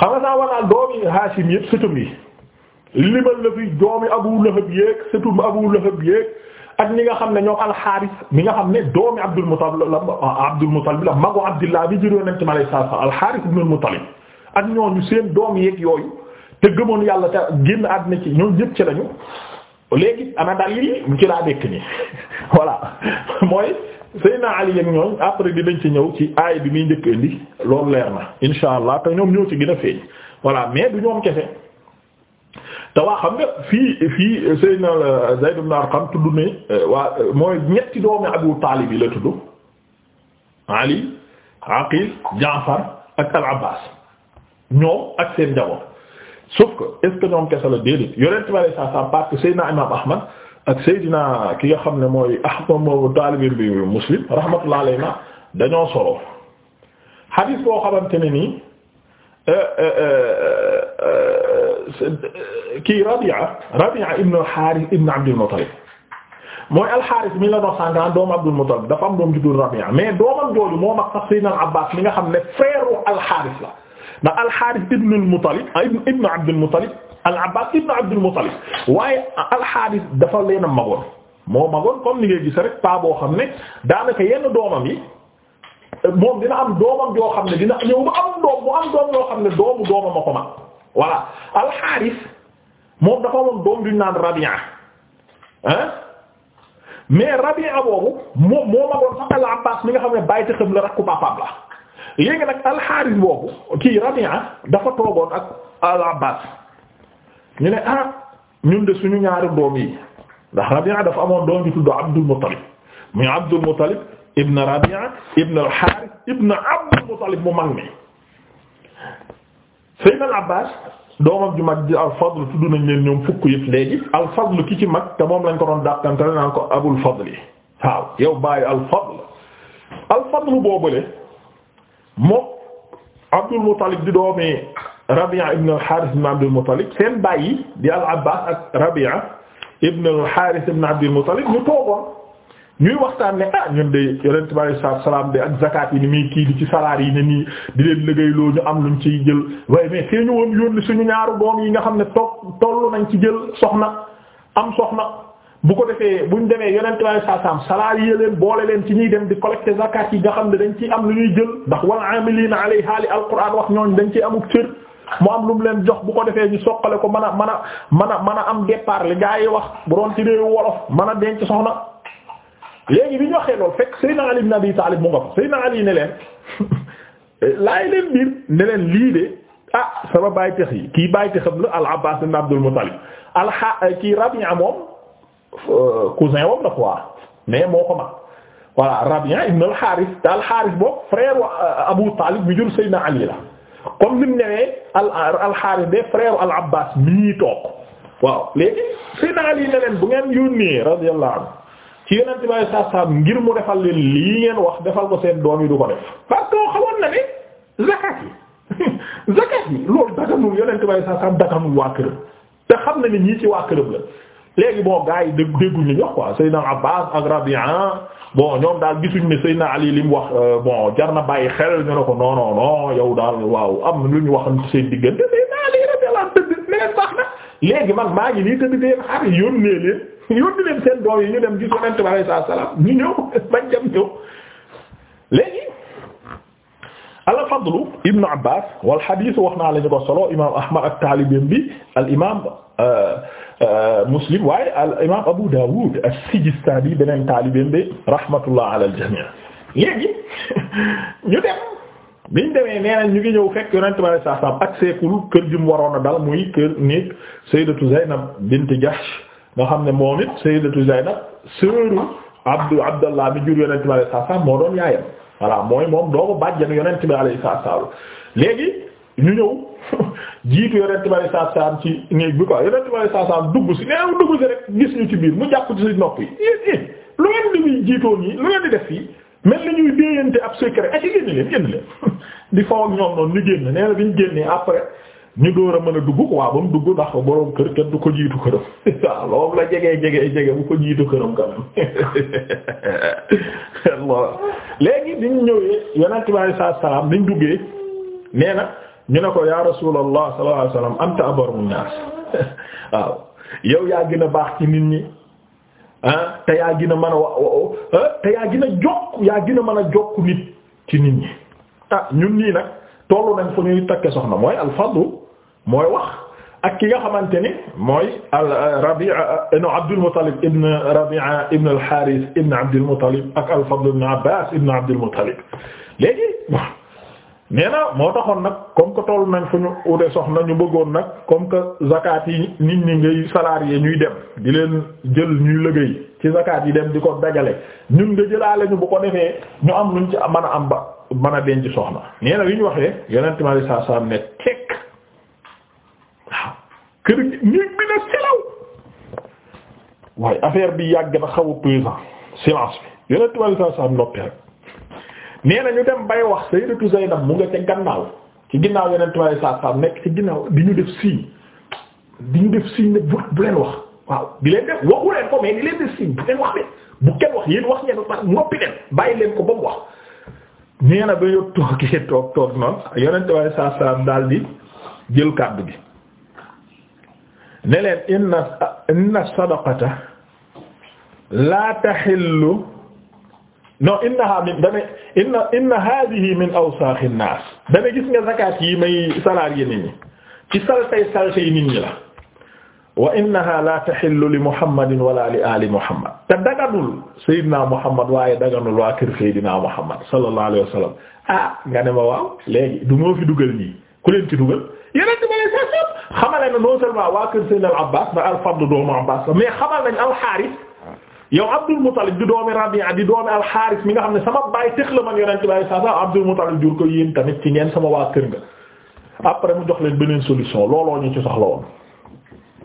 xam nga saa walaal doomi Haashim yëpp sëtum yi limal la fi doomi Abu Lahab yéeg sëtum Abu Lahab yéeg ak ñi nga xam ne ñoom alxaaris mi nga xam ne doomi Abdul Muttalib la Abdul Muttalib magu Abdillah bi jëloon nañ ci ma lay saa alxaaris ibnul Muttalib ak ñooñu seen doom yeeg yooyu te gëmoon yàlla te génn àddina ci ñoom ñëpp ci lañu léegi ana dalil yi ci laa nekk nii mooy Seyna Ali ak ñoom bi dinañ ci ñëw ci aay bi muy njëkk indi loolu leer na insha allah te ñoom ñoo ci gën a feeñ voilà mais du ñoom kese te waa xam nga fii fii Seyna Zayd ibn Arqam tudd ne euh, waa euh, mooy ñetti doomi Abu Taalib yi la tudd Ali Aqil Jaafar ak Al-Abbas ñoom ak seen njaboot sauf que est ñoom kese la déedéet yore tubaab yi saa saa parce que Imam Ahmad ak Seydina ki nga xam ne mooy ahmam taalibin bi muslim rahmatullah alayna dañoo solo xadiis boo xamante ne nii euh, euh, euh, kii Rabi'a Rabi'a ibn al-Harith ibn Abd al-Muttalib mooy al-Harith mi la doon sànqaan doomu Abd al-Muttalib dafa am doom ju dul Rabi'a mais doomam jooju moo mag sax Seydina Abbas mi nga xam ne frère al-Harith la ndax alxaaris ibn al-Muttalib ah, ibn Abd al-Muttalib al ibn Abd al-Muttalib waaye alxaaris dafa leen a magoon moo magoon comme ni ngay gis rek paa boo xam ne daanaka yenn doomam yi moom dina am doomam yoo xam ne dina ñëw ba am doom mu am doom yoo xam ne doomu doomam a ko mag voilà alxaaris moom dafa woon doom duñ naan Rabia ah Rabia boobu moom moo magoon sax al-Abbaas mi nga xam ne bàyyi te xam la rakku papaam la. léegi nag alxaaris boobu ki Rabi'a dafa toogoon ak al-Abbaas ñu ne ah ñun de suñu ñaari doom yi ndax Rabi'a dafa amoon doom bi tudd Abdul Muttalib muy Abdul Muttalib ibn Rabi'a ibn al-Haaris ibn Abdul Muttalib mu mag mi Sayyid al-Abbaas doomam ju mag ji al-Fadl tudd nañ leen ñoom fukk yëpp al-Fadl ki ci mag te moom lañ ko doon dàqante naan ko Abul Fadl yi waaw yow bàyyi al-Fadl al-Fadl boobule moom Abdul Muttalib di doomi Rabi'a ibn al-Harith ibn Abdul Muttalib seen bàyyi di al-Abbas ak Rabi'a ibn al-Harith ibn Abdul Muttalib ñu toogoon ñuy waxtaan ne ah ñun de Yonent bi alayhi salaatu salaam de ak zakat yi ni muy kii di ci salaire yi ne nii di leen liggéeyloo ñu am lu luñ ciy jël waaye mais see ñu woon yónni suñu ñaaru doom yi nga xam ne toog tollu nañ ci jël soxna am soxna. bu ko defee bu ñu demee yeneen yonent lay saasaam salarié leen boole leen ci ñuy dem di collecter zakat yi nga xam ne dañ ciy am lu ñuy jël ndax wal amilina alayha li alquran wax ñooñ dañ ciy amuk cër mu am lu mu leen jox bu ko defee ñu soqale ko man a man a man a mën a am départ li gaa yi wax bu doon ci réew wolof man a denc soxna léegi bi ñu waxee loolu fekk Seydina Ali ibn Abi Talib mu nga fa Seydina Ali ne leen laay leen biir ne leen lii de ah sama bàyyi tex yi kii bàyyi texam la al Abbas ibn Abdul Muttalib al kii Rabi'a moom Euh, cousin wam la quoi mais moo ko mag voilà Rabi'a ibn al te al boobu frère euh, Abu Talib bi jur Seydina Ali la comme ni mu newee al al-Harith de frère al-Abbas mii toog waaw léegi Seydina Ali ne leen bu ngeen yónnee radiyallahu anhu ci yonent bi alayhi salaam ngir mu defal leen lii ngeen wax defal ko seen doom yi du ko def parce que xamoon na ne zakat yi loolu daganul yonent bi alayhi salaam daganul waa këram te xam na ne ñii ci waa léegi bon gars yi dégg dégguñ li ñu wax quoi Seydina Abbas ak Rabi'a bon ñoom daal gisuñ ne Seydina Ali li mu wax euh, bon jar na bàyyi xel ñu ne ko non non non yow daal waaw am lu ñu wax seen diggante Seydina Ali radiyallahu anhu tëdd leen baax na léegi man maa ngi nii tëdd leen xar yónnee leen yónni leen seen doom yi ñu dem gis Yonent bi sallallahu alayhi wasallam ñu ñëw bañ dem ñëw léegi al fadlu ibnu abbas wal hadith wax naa la ñu ko solo imam ahmad ak taalibin bi al imam euh, euh, muslim waaye al imam abu dawud as-sijistani beneen taalibin bi rahmatullah ala al jami' léegi ñu dem biñ demee nee nañ ñu ngi ñëw fekk yonent bi sallallahu alayhi wasallam ak seekul kër gi mu waroon a dal muy kër néeg sayyidatu zaynab bint jahsh nga xam ne moom it sayyidatu zaynab sœuru abdu abdallah bi jur yonent bi sallallahu alayhi wasallam moo doon yaayam voilà mooy moom doomu bàjjanu yonent bi alayhi salaam léegi ñu ñëw jiitu yonent bi alayhi salaam ci néeg bi quoi yonent bi dugg si neew dugg si rek gis ñu ci biir mu jàpp ci si nopp yi eh, eh, lu ngeen di jiitoon yi lu ngeen di def fii mel ni ñuy déeyante ab secret ak eh, ci génn leen génn leen di faw ñoom noonu ñu génn nee na bi ñu génnee après ñu door a mën a dugg waaw ba mu dugg ndax boroom kër kenn du ko jiitu këram waaw loolu la jegee jegee jege bu ko jiitu këram quand même loolu léegi bi ñëwee yonent bi alayhi salaatu salaam bi duggee nee na ñu ne ko yaa rasuulallah sallallahu alayhi wasallam anta abarun naas waaw yow yaa gën a baax ci nit ñi ah, te yaa gën a mën a wa ah, te yaa gën a jokk yaa gën a mën a jokk nit ci nit ñi ah ñun nii nag tollu nañ fu ñuy takke soxna mooy al mooy wax ak ki nga xamante ni mooy al euh, Rabi'a euh, euh, ibn Abdul Muttalib ibn Rabi'a ibn al Harith ibn Abdul Muttalib ak al Fadl ibn Abbas ibn Abdul Muttalib léegi nee na moo taxoon nag comme que toll nañ fu ñu ude soxna ñu bëggoon nag comme que zakat yi nit ñi ngay salarié ñuy dem di leen jël ñuy liggéey ci zakat yi dem di ko dajale ñun nga jëlaale ñu bu ko defee ñu am luñ ci man a am ba mën a denc soxna nee na li ñu waxee yeneen tamit saa saa ne tekk kër gi néeg bi na waaye affaire bi yàgg na xaw a présent silence bi yeneen saa saa noppi rek nee ñu dem bay wax Sayyidatu Zaynab mu nga ca gannaaw ci ginnaaw yeneen tubaab yi saa saa nekk ci ginnaaw di ñu def signe di ñu def signe ne bu bu leen wax waaw di leen def waxu ko mais di leen def signe bu leen wax de bu kenn wax yéen wax ñenn par noppi leen bàyyi leen ko ba mu wax. nee na ba yóbbu toog toog toog noonu yeneen saa saa daal di kàddu gi. ne leen inna inna sadaqata la tahillu non innaha min dane inna inna hadhihi min awsakh an-nas dane gis nga zakat yi may salarié nit ñi ci saltay saltay nit ñi la wa innaha la tahillu li muhammadin wala li ali muhammad te daganul sayyidina muhammad waaye daganul waa kër sayyidina muhammad sallallahu alayhi wa sallam ah nga ne ma waaw léegi du moo fi dugal ñii ku leen ci dugal yeneen ma lay sasam xamale na non seulement waa kër Seydina al Abbas ba al Fadl doomu Abbas la mais xamal nañ al Harith yow Abdul Muttalib di doomi Rabi'a di doomi al Harith mi nga xam ne sama baay tëx la man yonent bi sasam Abdul Muttalib jur ko yéen tamit ci ngeen sama waa kër nga après mu jox leen beneen solution looloo ñu ci soxla woon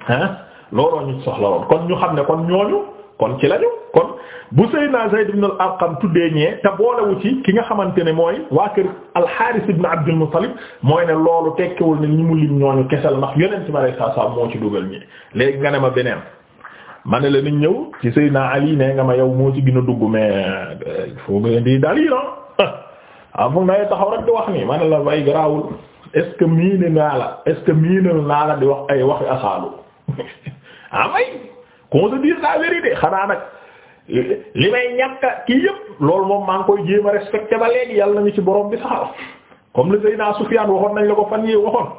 ah looloo ñu ci soxla woon kon ñu xam ne kon ñooñu kon ci lañu kon bu Seydina Zayd ibn al tuddee ñee te boolewu ci ki nga xamante ne mooy waa kër al-Haaris Abdul Muttalib mooy ne loolu tekkiwul ne ñi mu lim ñooñu kesel ndax yonent ma rek saa saa moo ci dugal ñi léegi nga ne ma beneen ma ne la nit ñëw ci Seydina Ali ne nga ma yow moo ci gën a dugg mais foo nga di dalil ah foog na taxaw rek di wax nii ma la way garaawul est-ce que miine naa la est-ce que miinal naa la di wax ay waxi asaalu ah may qu'on se li may ñàkk kii yëpp loolu moom maa koy jéem a ba léegi yàlla nañu ci borom bi saxal comme li Seydina Sufyaan waxoon nañ la ko fan yi waxoon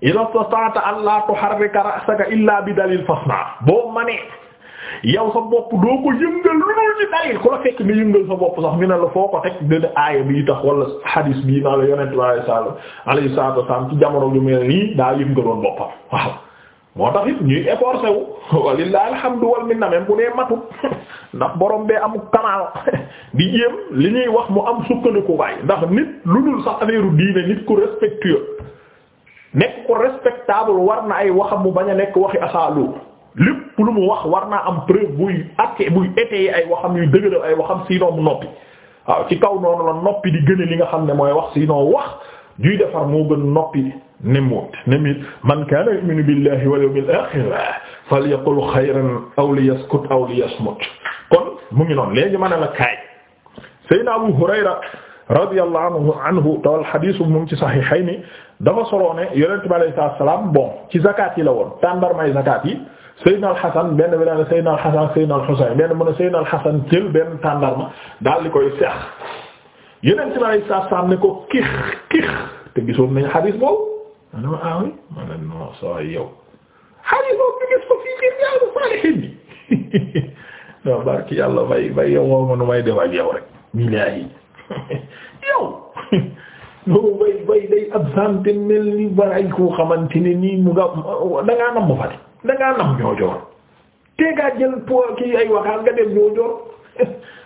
ila istata'ta an la tuharrika ra'saka illa bi dalil fasna boo manee yow sa bopp doo ko yëngal lu dul ci dalil ku la fekk nga yëngal sa bopp sax ñu ne la foo ko teg dëdd aaya bi tax wala hadis bii naa la yonent bi sallallahu alayhi wa sallam ci jamono ju mel nii daa yëngaloon boppam waaw moo tax it ñuy efforcé wu walilah alhamdu wal minna même bu dee matut ndax borom bee am kamaal di jéem li ñuy wax mu am sukkandiku waay ndax nit lu dul sax affaire diine nit ku respectueux nekk ko respectable war na ay waxam mu bañ a nekk waxi asaalu lépp lu mu wax war naa am preuve buy atte buy étayer ay waxam yuy dëgëral ay waxam sinon mu noppi waaw ci kaw noonu la noppi di gën li nga xam ne mooy wax sinon wax juy defar moo gën noppi Nimrod Nimrod man kaana yu'minu billahi wal yawmil akhir falyaqul khayran aw liyaskut aw liyasmut kon mu ngi noonu léegi ma ne la kaay Seydina Abu Hurayra radiyallahu anhu tawal xadiis bu mu ci saxiixayni dafa soloo ne yonent bi alayhi salaatu salaam bon ci zakat yi la woon tàndarmay zakat yi Seydina Al-Hasan benn bi daal Seydina Al-Hasan Seydina Al-Husayn benn mu ne Seydina Al-Hasan jël benn tàndarma daal di koy seex yonent bi alayhi salaatu salaam ne ko kix kix te gisoon nañu xadiis boobu. ma ne ma ah oui ma ne non saa yow xaalis boobu ñu ko fii ci Riyâdou Sâlihîne bi non barki yàlla bay bay yow woo ma nu may def ak yow rek. milaayi yow loolu bay bay day absenté mel ni baray koo xamante ne mu nga da nam mu fati nam ñoo te ngaa jël po kii ay waxaan nga dem ñoo joor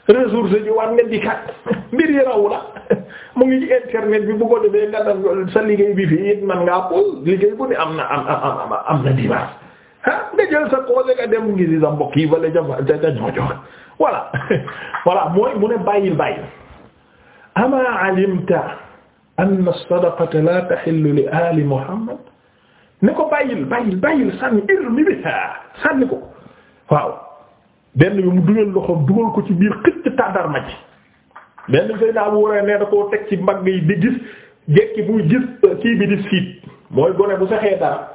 ressource ji war nga di kat raw la. mu ngi ci internet bi bu ko defee nga def sa liggéey bi fii it man ngaa pause bu ne am am am am na dimanche ah nga jël sa cause nga dem ngi si sa mbokk yi wala ca ca ñoo jox voilà voilà mooy mu ne bàyyil bàyyil ama alimta anna sadaqata la tahillu li ali muhammad ne ko bàyyil bàyyil bàyyil sànni irmi biha mu dugal loxo dugal ko ci biir xëcc tàndarma ji benn Seydina Abu Hurayra nee da koo teg ci mbag yi di gis jekki buy gis euh, kii bi di siit mooy gone bu saxee dara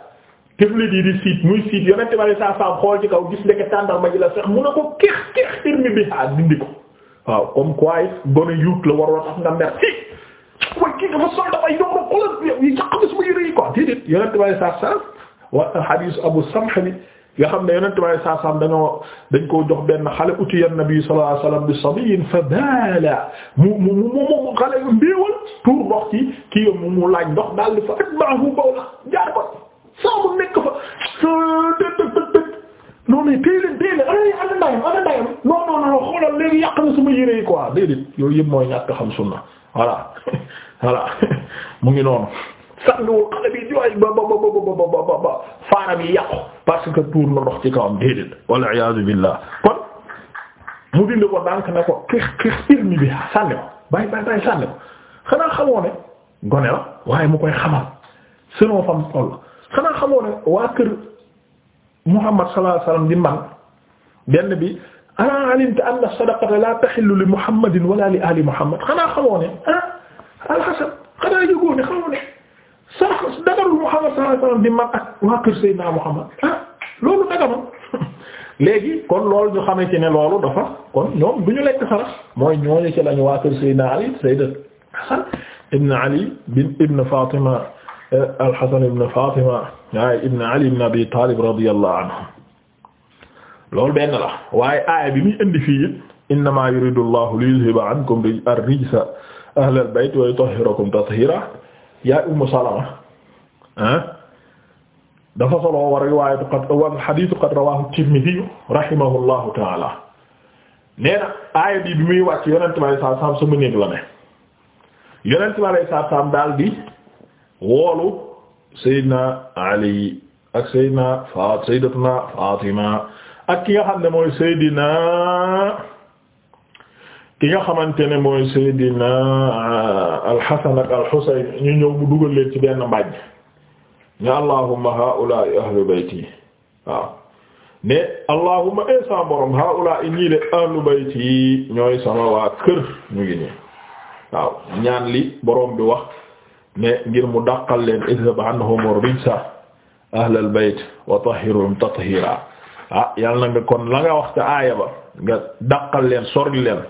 tiflit yi di siit muy siit yonent bari saa saam xool ci kaw gis ndeke tàndal ma la sax mun a ko keex keex irmi bi haa dindi ko waaw comme quoi gone yuut la waroo tax nga mer si way kii dafa sol dafay ñëw na xoolal yi yàq bi suma yére yi quoi déedéet yonent bari saa saam wa hadiis Abu Samh bi nga xam ne yonent bi saa saam dañoo dañ koo jox benn xale uti yan nabi sallallahu alayhi wasallam bi sabiyin fa baala mu mu mu mu xale mbiiwal tuur ndox ci kii yom mu mu laaj ndox daal di fa atbaahu bawla jaar ko saa mu nekk fa non mais téy leen téy leen ana ndayam ana ndayam non non non xoolal léegi yàq na suma yére yi quoi déedéet yooyu yëpp mooy ñàkk xam sunna voilà voilà mu ngi noonu sanguwul xale bi jooy ba ba ba ba ba faaram yi yàqu parce que tuur na ndox ci kawam déedéet walla iyaazu billaah kon mu dindi ko ndànk ne ko xix xix irmi bi sànni ko bay bay bay sànni ko xanaa xamoo ne gone la waaye mu koy xamal senoo fam toll xanaa xamoo ne waa kër Muhammad sallallahu alayhi wasallam di man benn bi ana alimta anna sadaqata la tahillu li Muhammadin wala li ali Muhammad xanaa xamoo ne ah al-Hasan xanaa yëgoo ne xamoo ne sarax dagarul Muhammad sallallahu alayhi wasallam di man ak waa kër Seydina Muhammad ah loolu dagaroon léegi kon loolu ñu xamante ne loolu dafa kon ñoom du ñu lekk sarax mooy ñooñu ci lañu waa kër Seydina Ali Sayyidat Hasan ibn Ali bin ibn Fatima eh, al-Hasan ibn Fatima waaye ibn Ali ibn Abi Talib radiyallahu anhu loolu benn la waaye aaya bi muy indi fii innama yuridu Allahu liyuzhiba ankum ar-rijsa ahlal bayt wa yutahhirakum tatheera yaay ummu salama ah dafa soloo war riwaayatu qad wa hadithu qad rawahu tirmidhi rahimahullahu taala nee na aaya bi bi muy wàcc yonent bi alayhi salaam sama néeg la ne yonent bi alayhi salaam daal di woolu Seydina Ali ak Seydina Fa Sayyidatuna Fatima ak ki nga xam ne mooy Seydina ki nga xamante ne mooy Seydina euh, al-Hasan ak al-Husayn ñu ñëw mu dugal leen ci benn mbàjj ne allahumma haa'ulaa'i ahlu bayti ne allahumma eesa eh, borom haa'ulaa'i ñii de ahlu bayti ñooy sama waa kër ñu ngi nii ñaan li borom bi wax ne ngir mu dàqal leen idhab anhum ar-rijsa ahlal bayt wa tahhirhum tathiira ah na nga kon la nga wax ca aaya ba nga dàqal leen sori leen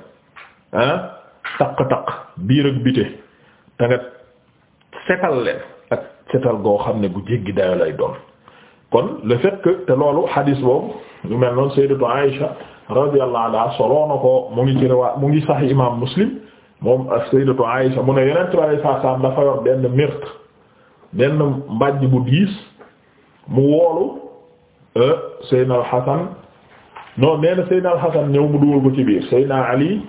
ah taq biir ak bite da nga setal leen ak setal goo xam ne bu jéggi dayo lay doon kon le te loolu hadis boobu lu mel noonu sayyidatu Aïsha radiyallahu anha soloo na ko mu ngi ci riwaa mu ngi sax imam Muslim moom sayyidatu Aïsha mu ne yeneen tubaab saa saam dafa yor benn myrte benn mbàjj bu diis mu woolu euh, Seydina Al Hasan non nee na Al Hasan ñëw mu dugal ko ci biir Seydina Ali.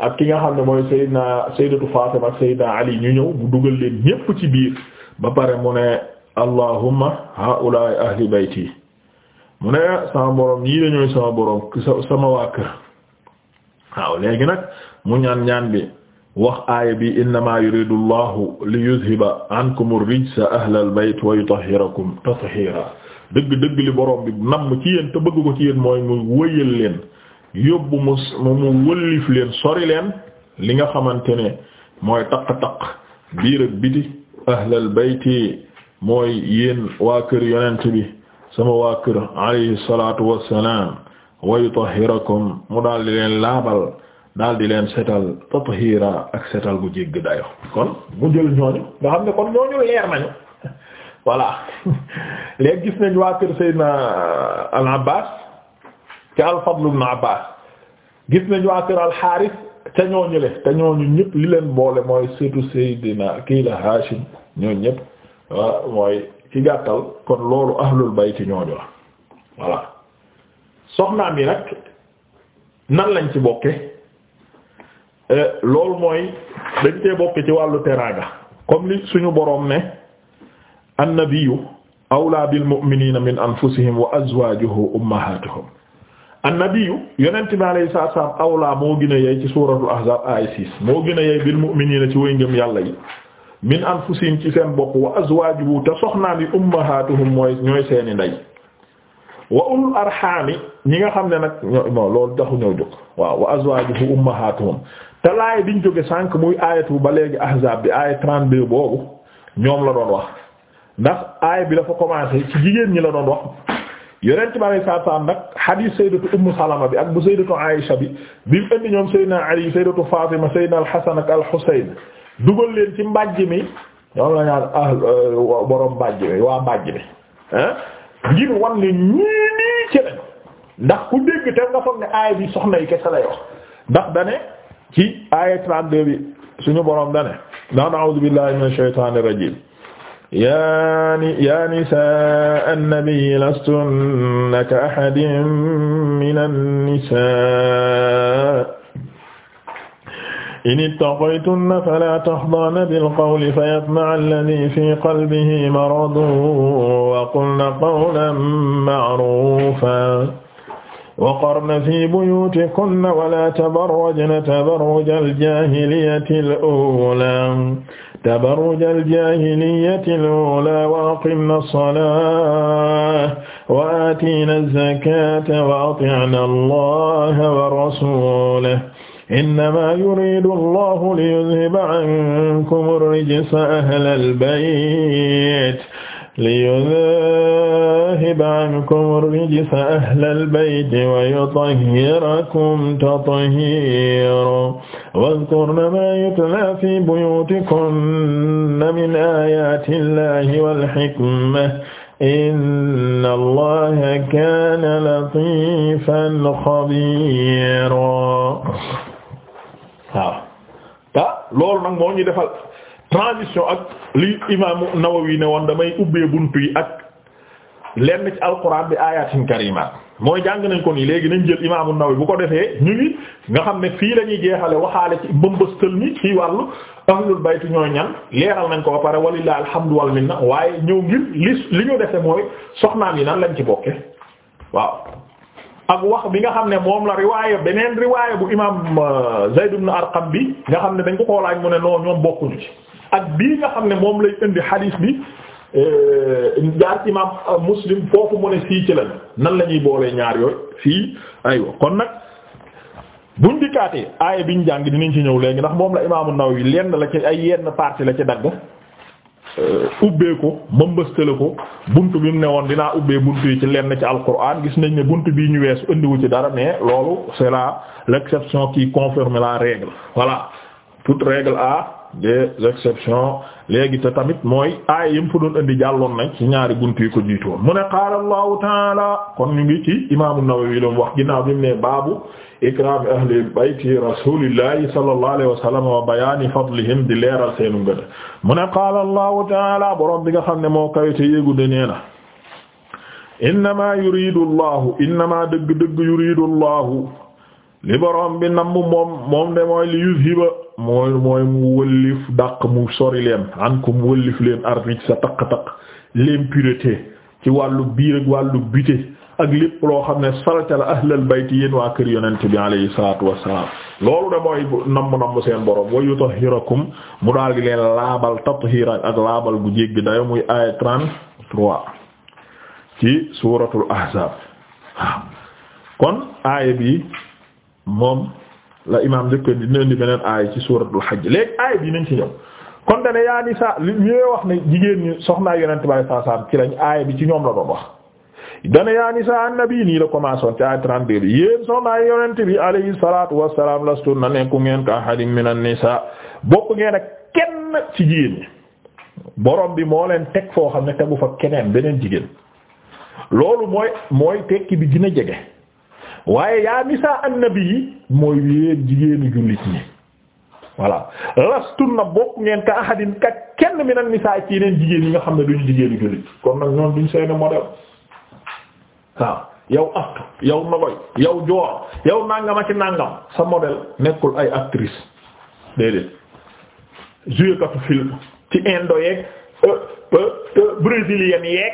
ak ki nga xam ne mooy Seydina Sayyidatu Fatima ak Seydina Ali ñu ñëw mu dugal leen ñépp ci biir ba pare mu ne allahumma haula'i ahli bayti mu ne sama borom yii la ñooy sama borom sama waa kër waaw léegi nag mu ñaan ñaan bi wax aaya bi innama yuridu allahu li yuzhiba ankum ar-rijsa ahlal bayt wa yutahhirakum tatheera dëgg dëgg li borom bi namm ci yéen te bëgg ko ci yéen mooy mu wëyal leen yóbbu mu mu wëllif leen sori leen li nga xamante ne mooy taq-taq biir ak biti ahlal bayti mooy yéen waa kër yonent bi sama waa kër alayhi salaatu wassalaam wa yutahhirakum mu daal leen laabal daal di leen setal tathiira ak setal bu jégg dayo kon mu jël ñooñu nga xam ne kon ñooñu leer nañu voilà léegi gis nañ waa kër Seydina al Abbaas ci al-Fadl ibn Abbas gis nañu waa kër al ñooñu le te ñooñu ñëpp li leen boole mooy surtout Seydina kii la Hashim ñooñu ñëpp wa ah, mooy ci gàttal kon loolu ahlul bayti ñooñu la voilà soxnaam yi nag nan lañ ci bokke eh, loolu mooy dañ tee bokke ci wàllu teraanga comme li suñu boroom ne an-nabiyyu bi bil mu'minina min anfusihim wa azwaajuhu ummahatuhum annabiyu yonent bi alayhi salaatu wa salaam awlaa moo gën a ci suuratul ahzaab ay six moo gën a yey bil na ci way ngëm yàlla yi min anfusihim ci seen bopp wa azwaajuhu te soxnaam yi ummahaatuhum mooy ñooy seeni ndey wa ulul arxaami ñi nga xam ne nag ñoo loolu taxu ñoo jóg waaw wa azwaajuhu ummahaatuhum te laay biñ jóge sànq muy aayatu ba léegi ahzaab bi aaya 32 boobu ñoom la doon wax ndax aay bi dafa commencé ci jigéen ñi la doon wax yonent bi alayhi salaatu salaam nag hadith sayyidatu ummu salama bi ak bu sayyidatu aisha bi bi mu indi ñoom sayyidina ali sayyidatu fatima sayyidina al ak al dugal leen ci mbàjj mi ñoom la ñaan ah euh, borom mbàjj mi waa mbàjj mi ah ngir wan nii ci lañ ndax ku dégg te nga foog ne aaya bi soxna yi kese lay wax ndax dane ci aaya 32 bi suñu borom dane naan a'uuzu billaahi minash shaytaanir rajiim yaa ni yaa nisaa annabi lastunna ka ahadin mina nisaa in ittaqaytunna falaa taxda'na bil qawli fayatma'a allazii fii qalbihi maradun wa qulna qawlan ma'ruufan waqarna fii buyuutikunna wa laa tabarrajna tabarruja al-jaahiliyati al-uulaa تبرج الجاهلية الأولى وأقمنا الصلاة وآتينا الزكاة وأطعنا الله ورسوله إنما يريد الله ليذهب عنكم الرجس أهل البيت liyudhhiba ankum ar-rijsa ahlal bayti wa yutahhirakum tatheera wadhkurna ma yutla fi buyutikunna min ayati llahi wal hikmati inna allaha kaana latiifan khabiira waaw ta loolu nag moo ñu defal transition ak li imaamu Nawawi ne woon damay ubbee bunt yi ak lenn ci alquran bi ayatin karimaat mooy jàng nañ ko nii léegi nañ jël imaamu Nawawi bu ko defee ñu ngi nga xam ne fii lañuy ñuy waxaale ci mbëmbëstal mi ci wàllu ahlul bayt ñooy ñan leeral nañ ko ba pare walilah alhamdu wal waaye ñëw ngir li li ñu defee mooy soxnaam yi nan lañ ci bokke waaw ak wax bi nga xam ne moom la riwaaya beneen riwaaya bu imaam euh, Zayd ibn Arqam bi nga xam ne dañ ko xoolaaj mu ne non ñoom ci ak bii nga xam ne moom lay indi xadiis bi euh, jaar ci imaam euh, muslim foofu mu ne sii ci lañ nan la ñuy boolee ñaar yooyu fii aywa kon nag buñ dikkaatee bi ñu jàng dinañ ci ñëw léegi ndax moom la imaamu yi lenn la ci ay yenn partie la ci dagg euh, ubbee ko mbëmbëstale ko bunt bi mu ne woon dinaa ubbee bunt yi ci lenn ci alquran gis nañ ne bunt bii ñu weesu indiwu ci dara mais loolu c'est la l'exception qui confirme la règle voilà toute règle a des exceptions léegi te tamit mooy aay yim fa doon indi jàlloon nañ ci ñaari buntu yi ko jiitoon mu ne qaala allahu taala kon ñu ngi ci imaamu Nawawi loom wax ginnaaw bi mu ne baabu ikraam ahli bayti rasulillahi sallallahu alayhi wa sallam wa bayaani fadlihim di leeral seenu ngëna mu ne qaala allahu taala borom bi nga xam ne moo kawite yéegu de nee na innama yuridu allahu innama dëgg dëgg yuridu allahu li borom bi namm moom moom mooy li yuzhiba mooy mooy mu wëllif dàq mu sori leen ankum wëllif leen arrij sa taq-taq l'impureté ci wàllu biir ak wàllu bité ak lépp loo xam ne saratala ahlal bayti yéen waa kër yonent bi alayhi salaatu wassalaam loolu de mooy namm namm seen borom wa yutahhirakum mu daal di leen laabal tathiira ak laabal bu jéggi dayo muy aaya 33 ci suuratul ahzaab kon aaya bi moom la imaam njëkk dina indi beneen aay ci suuratul xaj léegi aay bi nañ ci ñëw kon dane yaa nisaa li ñuy wax ne jigéen ñi soxnaa yonent bi saa saa ci aay bi ci ñoom la doon wax. dane yaa nisaa annabi nii la commencé ci aay 32 bi yéen soxnaa yonent bi alayhi salaatu wassalaam lastunna nekku ngeen ka ahadin minan nisaa bokk ngeen ak kenn ci jigéen ñi borom bi moo leen teg foo xam ne tegu fa keneen beneen jigéen loolu mooy mooy tekki bi dina jege. waaye yaa nisaa annabi mooy yéen jigéenu jullit ñi voilà na bokk ngeen ka ahadin ka kenn mi nan nisaa ci yeneen jigéen yi nga xam ne duñu jigéenu jullit kon nag ñoom duñ seeni modèle waaw yow aftu yow nogoy yow joor yow nàngama ci nàngam sa modèle nekkul ay actrice déedéet joué katu film ci indo yeeg euh, euh, euh, brésilienne yeeg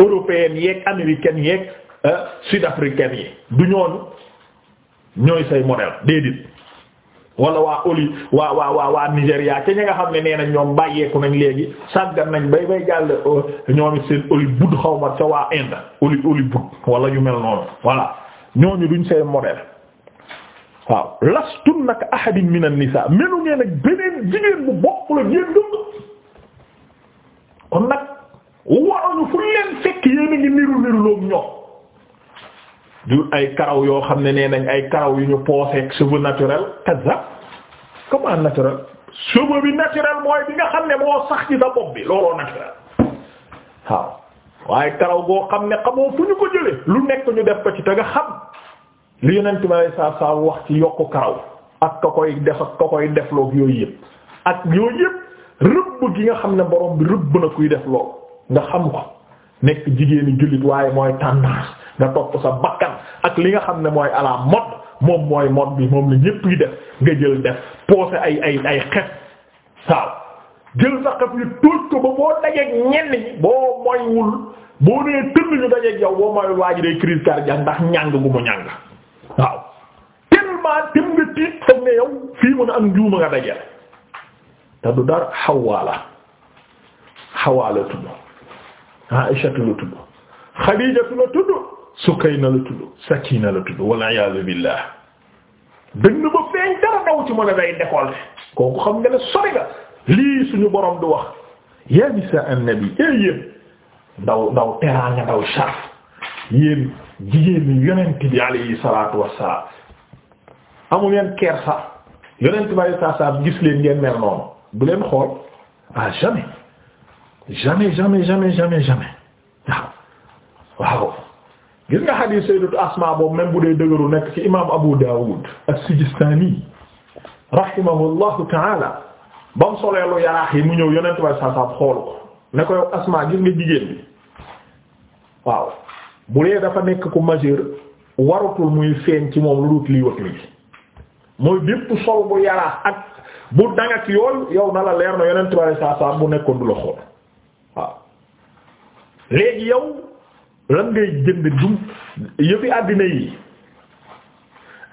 européenne yeeg américaine yeeg sud-africains yi du ñooñu ñooy say modèle déedéet wala waa oli waa waa waa waa Nigéria ca ñi nga xam ne nee nañ ñoom bàyyeeku nañ léegi sàggan nañ bay bay jàll euh, ñoom it seen Hollywood xaw ma ca waa Inde oli Hollywood wala yu mel noonu voilà ñooñu duñ say modèle waaw lastunna ka ahadin min an-nisa melu ngeen beneen jigéen bu bokkul ak yéen dund nag waroon fu leen fekk yéen a ngi niru niru loom ñoom. du ay karaw yoo xam ne nee nañ ay karaw yu ñu pooseeg cheveux naturel kaza comment naturel cheveux bi naturel mooy bi nga xam ne moo sax ci sa bopp bi looloo naturel waaye karaw goo xam ne xamoo fu ñu ko jëlee lu nekk ñu def ko ci te nga xam li yonent ma saa saa wax ci yokku karaw ak ka koy def ak ka koy def loog yooyu yëpp ak yooyu yëpp rëbb gi nga xam ne borom bi rëbb na kuy def lool nga xam ko nekk jigéenu jullit waaye mooy tendance nga topp sa bakkan ak li nga xam ne mooy à la moom mooy mode bi moom la ñépp yi def nga jël def poose ay ay xef waaw jël sa xef yu tuuj ko ba boo dajeeg ñenn ñi boo moywul boo nee tënn ñu dajeeg yow boo moy waa ji day crise ndax ñàng gu mu ñàng waaw tellement tim nga tiit foog ne yow fii mën a am njuuma nga dajeel te du dara xawaala xawaala Aïshatu la tudd Xadiijatu la tudd Sukayna la tudd Sakina la tudd wal iyaadu billah dëgg ba feeñ dara daw ci mën a day décolleté kooku xam nga ne sori nga lii suñu borom du wax yaa nisaa an-nabi ey yéen ndaw ndaw teraanga ndaw sharaf yéen jigéen yonent bi alayhi salaatu wassalaam amu yonent bi alayhi salaatu gis leen ngeen mer noonu bu leen xool à jamais jamais jamais jamais jamais jamais waaw waaw gis nga xadiis sayyidatu Asma boobu même bu dee dëgëru nekk ci imaam Abu Dawud as-Sijistani rahimahullahu ta'ala bam soleelu yaraax yi mu ñëw yonent way sasab xoolu ko ne ko yow Asma gis nga jigéen bi waaw bu dee dafa nekk ku majeur waratul muy feeñ ci moom lu dut lii wëkk lii mooy bépp sol bu yaraax ak bu dangak yooyu yow na la leer na yonent way sasab bu nekkoon du la xool léegi yow lan ngay jënd dum yëfi àddina yi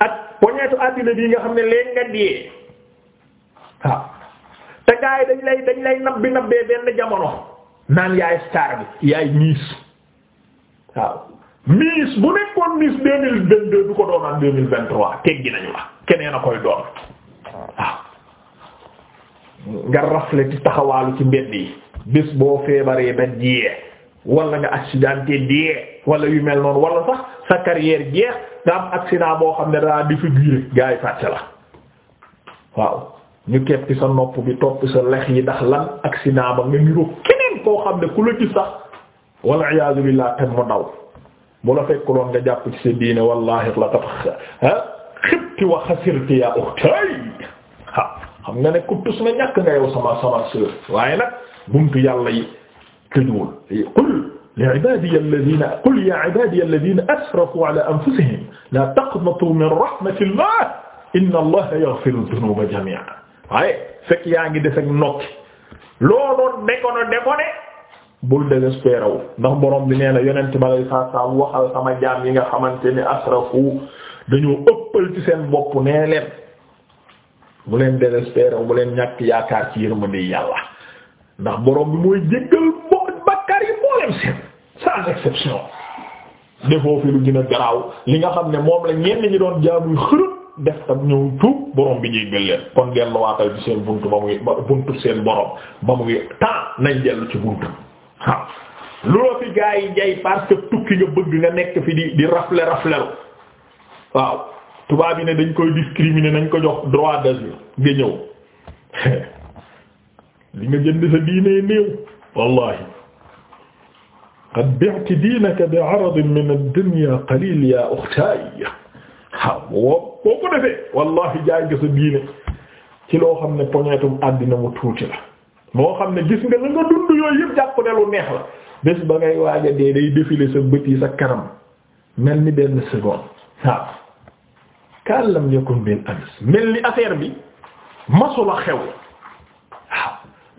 ak poñeetu àddina bii nga xam ne léegi nga diyee waaw te gars yi dañ lay dañ lay nab bi nabbee benn jamono naan yaay star bi yaay miis waaw miis bu nekkoon miis du ko doonaan deux mille vingt trois teggi nañu la keneen a koy doon waaw nga rafle ci taxawaalu ci mbedd yi bis boo feebaree ba jiyee wala nga accidenté dee wala yu mel noonu wala sax sa carrière jeex nga am accident boo xam ne daa défiguré gaa yi fàtte la waaw ñu keppi sa nopp bi topp sa lex yi ndax lan accident ba nga niroo keneen koo xam ne ku la gis sax wala iyaazu billaah te mu daw bu la fekkuloon nga jàpp ci sa diine wallahi laqad xibti wa xasirti yaa uxtaay xam nga ne ku tus na ñàkk nga yow sama sama sœur waaye nag buntu yàlla yi. gënuwul qul li'ibadiya alladhina qul ya ibadiya alladhina asrafu ala anfusihim la taqnatu min rahmatillah inna allaha yaghfiru dhunuba jami'a waaye fekk yaa ngi def ak nokki looloon dékono dékoné bul désespéré wu ndax borom bi nee na yonent ma lay saa saa waxal sama jaam yi nga xamante ni asrafu dañoo ëppal ci seen bopp nee leen bu leen désespéré wu bu leen ñàkk yaakaar ci yërmande yàlla ndax boroom bi mooy jéggal boo bakkaar yi mboolem seen sans exception defoo fi lu gën garaaw li nga xam ne moom la ñenn ñi doon jaamuy xërët def tam ñëw tuub borom bi jéggal leen kon delluwaatal ci seen buntu ba muy buntu seen borom ba muy temps nañ dellu ci buntu waaw lu la fi gaa yi jay parce que tukki nga bëgg nga nekk fi di di rafle raflelu waaw tubaab yi ne dañ koy discriminer nañ ko jox droit d'asile nga ñëw li nga jënd sa diine néew wallahi qad bi'ti diinaka bi'aradin min ad-dunya qalil ya ukhtay waaw woo ko defee wallahi jaay nga sa diine ci loo xam ne poñetum àddina mu tuuti la moo xam ne gis nga la nga dund yooyu yëpp jàpp ne lu neex la bés ba ngay waaja dee day défiler sa bët yi sa kanam mel ni benn seconde waaw kàllam yakun bil ams mel ni affaire bi masula xew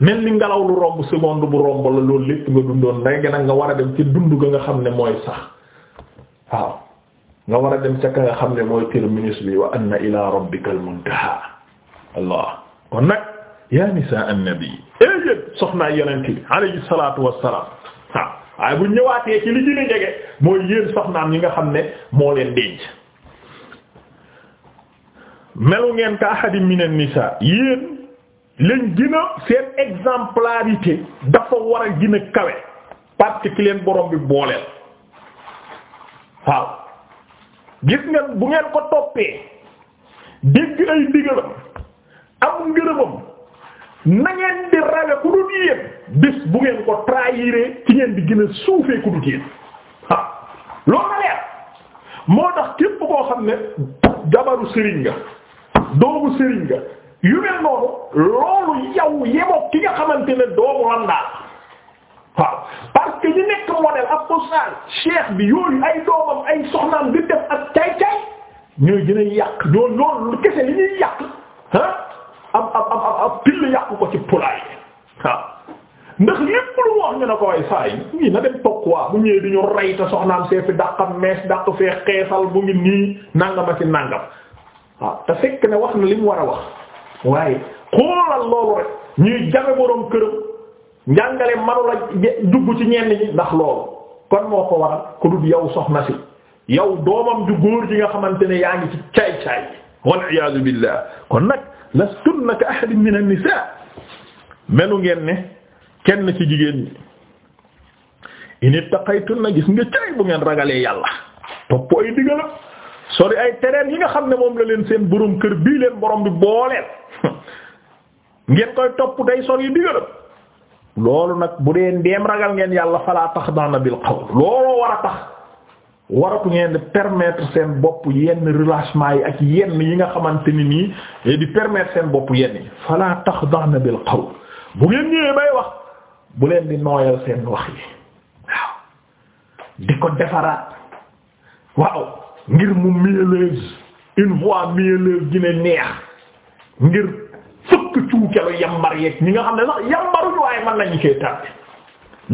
mel ni ngelaw lu romb seconde bu romb la loolu lépp nga dundoon ndege nag nga war a dem ci dund ga nga xam ne mooy sax waaw nga war a dem ca ka nga xam ne mooy terminus bi wa anna eh soxnaa yonent bi alayhi waaye bu ñëwaatee ci li gën a jege mooy yéen soxnaam yi nga xam ne moo leen denc melu ngeen ka ahadin minan nisa yéen lañ gën a seen exemplarité dafa war a gën a kawe parce que ki leen borom bi booleel waaw gis nga bu ngeen ko toppee dégg ay digalam am ngërëmam na ngeen di rawe ku dut yéen bés bu ngeen ko trahiré ci ngeen di gën a suufee ku dut yéen waaw loolu moo tax képp koo xam ne jabaru sëriñ nga doomu sëriñ nga yu mel noonu loolu yow yemook ki nga xamante ne doomu lan daal waaw parce que ñu nekk modèle ak postal cheikh bi yooyu ay doomam ay soxnaam di def ak cay cay yàq ñuy yàq ah, yàq ko ci pulaay waaw ndax lépp lu wax ñu ne ko way saa yi ñii na dem toog waa bu ñëwee di ñu rey te soxnaam see fi dàqam mees dàq fee xeesal bu ngi nii nàngama ci nàngam waaw te fekk ne wax na li mu war a wax waaye xoolal loolu rek ñuy jafe boroom këram njàngale manu la dugg ci ñenn ñi ndax loolu kon moo ko waral ku dul yow soxna si yow doomam ju góor ji nga xamante ne yaa ngi ci caay caay wal iyaadu billah kon nag lastunna ka ahadin min an-nisaa melu ngeen ne kenn ci jigéen ñi in na gis nga caay bu ngeen ragalee yàlla topp ay digalam sori ay tereen yi nga xam ne moom la leen seen boroom kër bii leen boroom bi booleel ngeen koy topp day sori digalam loolu nag bu dee ndeem ragal ngeen yàlla falaa tax daana bil qawl looloo war a ngeen di permettre seen bopp yenn yi ak yenn yi nga xamante ni nii di permettre seen bopp yenn yi falaa tax daana bil qawl bu ngeen ñëwee bay wax bu leen di nooyal seen wax yi waaw di ko defaraat waaw ngir mu mielleuse une voix mielleuse dina neex ngir fëkk cuukelu yambar yeeg ñi nga xam ne sax yambaruñu waaye mën nañu cee tàbbi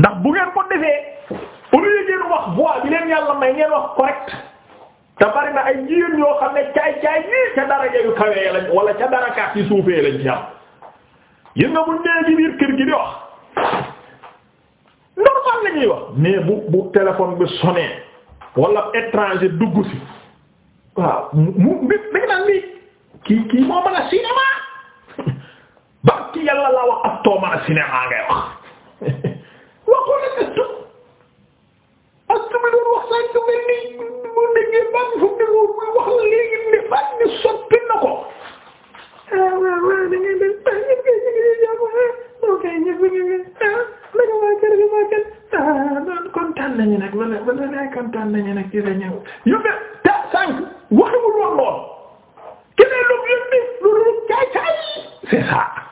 ndax bu ngeen ko defee au lieu ngeen wax voix bi leen yàlla may ngeen wax correct te bari na ay jigéen yoo xam ne caay caay yi ca daraja yu kawee lañ wala ca darakaat yi suufee lañ ci am nga buñ nee ci biir kër gi di wax normal la ñuy wax mais bu bu téléphone bi sonné. wala étranger dugg si waaw mu mu dañ naan ni kii kii moo mën a cinéma ba ki yàlla laa wax ak too mën a cinéma ngay wax waxoo la gëstu ak su ma doon wax sànq mel ni mu déggee bànn fu mu déggoo muy wax la léegi ne bànn ne soppi na ko. ah waaw waaw da ngeen di da ngeen di jàpp ok ñëpp ñu ngi ah naka waa kër gi waa kër ah non kontaan nañu nag wala wala day kontaan nañu nag ci sa ñëw yu mel te sànq waxuñu woon lool. keneen lu mu yëg lu dul caay caay c'est ça.